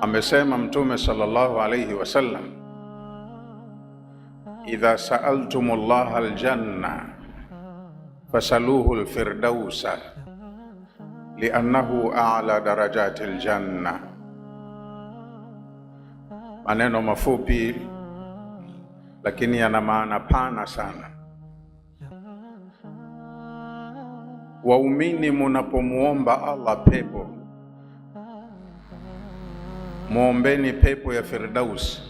Amesema Mtume sallallahu alayhi wasallam, idha saaltum llaha aljanna fasaluhu lfirdausa liannahu ala darajati ljanna. Maneno mafupi lakini yana maana pana sana. Waumini munapomwomba Allah pepo mwombeni pepo ya Firdaus,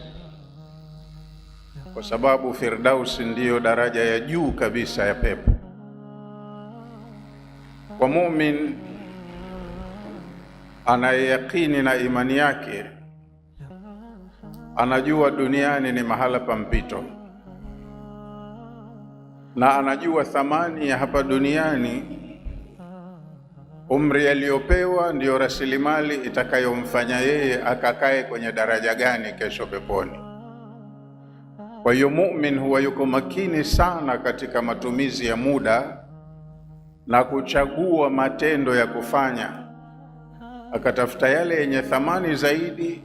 kwa sababu Firdaus ndiyo daraja ya juu kabisa ya pepo. Kwa mumin anayeyakini na imani yake, anajua duniani ni mahala pa mpito, na anajua thamani ya hapa duniani Umri aliyopewa ndiyo rasilimali itakayomfanya yeye akakae kwenye daraja gani kesho peponi. Kwa hiyo mumin huwa yuko makini sana katika matumizi ya muda na kuchagua matendo ya kufanya, akatafuta yale yenye thamani zaidi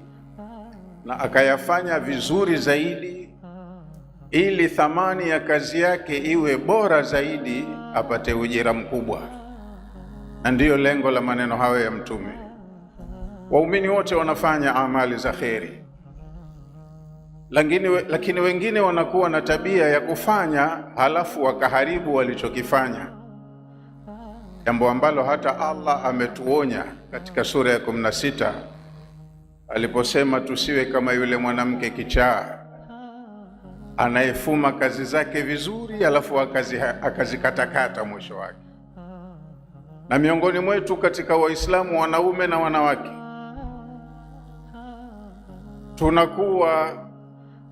na akayafanya vizuri zaidi, ili thamani ya kazi yake iwe bora zaidi, apate ujira mkubwa na ndiyo lengo la maneno hayo ya Mtume. Waumini wote wanafanya amali za kheri, lakini, lakini wengine wanakuwa na tabia ya kufanya halafu wakaharibu walichokifanya, jambo ambalo hata Allah ametuonya katika sura ya 16 aliposema tusiwe kama yule mwanamke kichaa anayefuma kazi zake vizuri, alafu akazikatakata mwisho wake na miongoni mwetu katika Waislamu wanaume na wanawake tunakuwa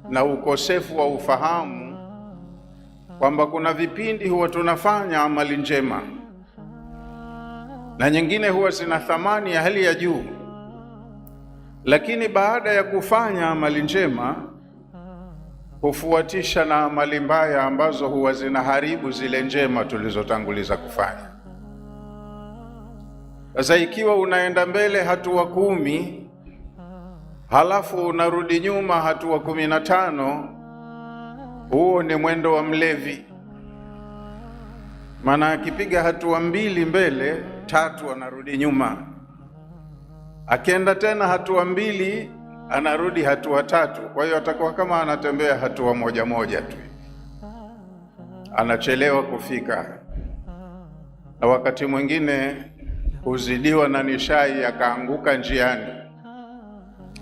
na ukosefu wa ufahamu kwamba kuna vipindi huwa tunafanya amali njema na nyingine huwa zina thamani ya hali ya juu, lakini baada ya kufanya amali njema hufuatisha na amali mbaya ambazo huwa zinaharibu zile njema tulizotanguliza kufanya. Sasa ikiwa unaenda mbele hatua kumi halafu unarudi nyuma hatua kumi na tano huo ni mwendo wa mlevi. Maana akipiga hatua mbili mbele, tatu anarudi nyuma, akienda tena hatua mbili anarudi hatua tatu. Kwa hiyo atakuwa kama anatembea hatua moja moja tu, anachelewa kufika, na wakati mwingine kuzidiwa na nishai, akaanguka njiani,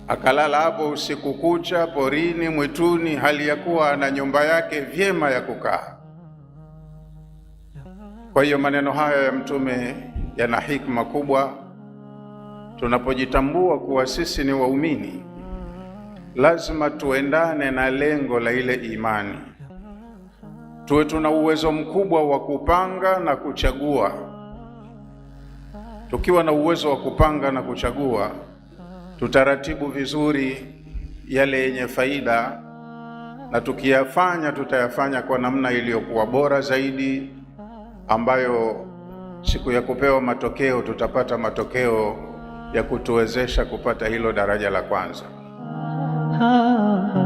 akalala hapo usiku kucha porini, mwituni, hali ya kuwa ana nyumba yake vyema ya kukaa. Kwa hiyo maneno hayo ya Mtume yana hikma kubwa. Tunapojitambua kuwa sisi ni waumini, lazima tuendane na lengo la ile imani, tuwe tuna uwezo mkubwa wa kupanga na kuchagua Tukiwa na uwezo wa kupanga na kuchagua, tutaratibu vizuri yale yenye faida, na tukiyafanya tutayafanya kwa namna iliyokuwa bora zaidi, ambayo siku ya kupewa matokeo tutapata matokeo ya kutuwezesha kupata hilo daraja la kwanza. Ah.